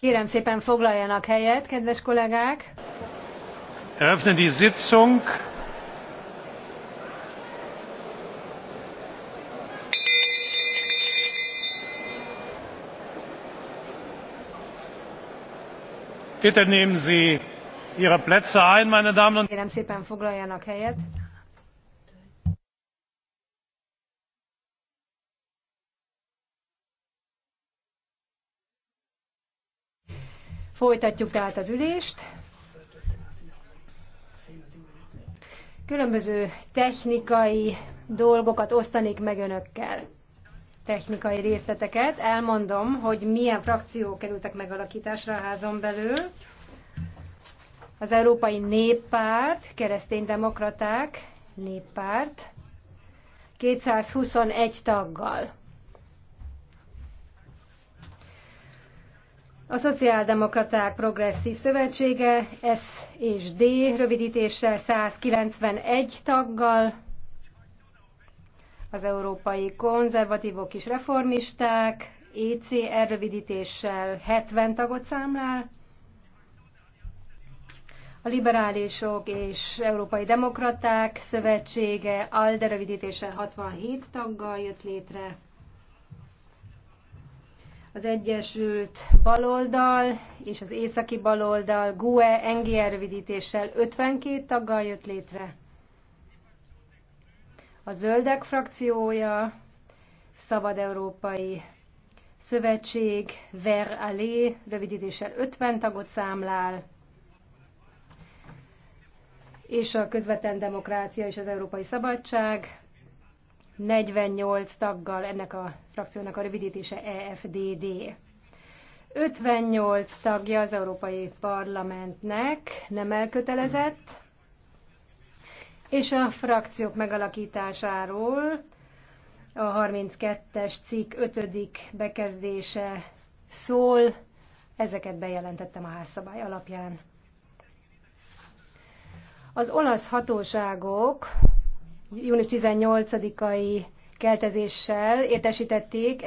Kérem szépen foglaljanak helyet, kedves kollégák. Eröffne die Sitzung. Bitte nehmen Sie Ihre Plätze ein, meine Damen und Herren. Kérem szépen foglaljanak helyet. Folytatjuk tehát az ülést. Különböző technikai dolgokat osztanék meg önökkel. Technikai részleteket. Elmondom, hogy milyen frakciók kerültek megalakításra a házon belül. Az Európai Néppárt, Kereszténydemokraták, Néppárt, 221 taggal. A Szociáldemokraták Progresszív Szövetsége, S és D rövidítéssel 191 taggal, az Európai Konzervatívok és Reformisták, ECR rövidítéssel 70 tagot számlál, a Liberálisok és Európai Demokraták Szövetsége ALDE rövidítéssel 67 taggal jött létre, az Egyesült Baloldal és az Északi Baloldal GUE NGR rövidítéssel 52 taggal jött létre. A Zöldek frakciója, Szabad Európai Szövetség, Ver Alé rövidítéssel 50 tagot számlál, és a közvetlen demokrácia és az Európai Szabadság 48 taggal ennek a frakciónak a rövidítése EFDD. 58 tagja az Európai Parlamentnek nem elkötelezett, és a frakciók megalakításáról a 32-es cikk 5. bekezdése szól, ezeket bejelentettem a házszabály alapján. Az olasz hatóságok június 18-ai keltezéssel értesítették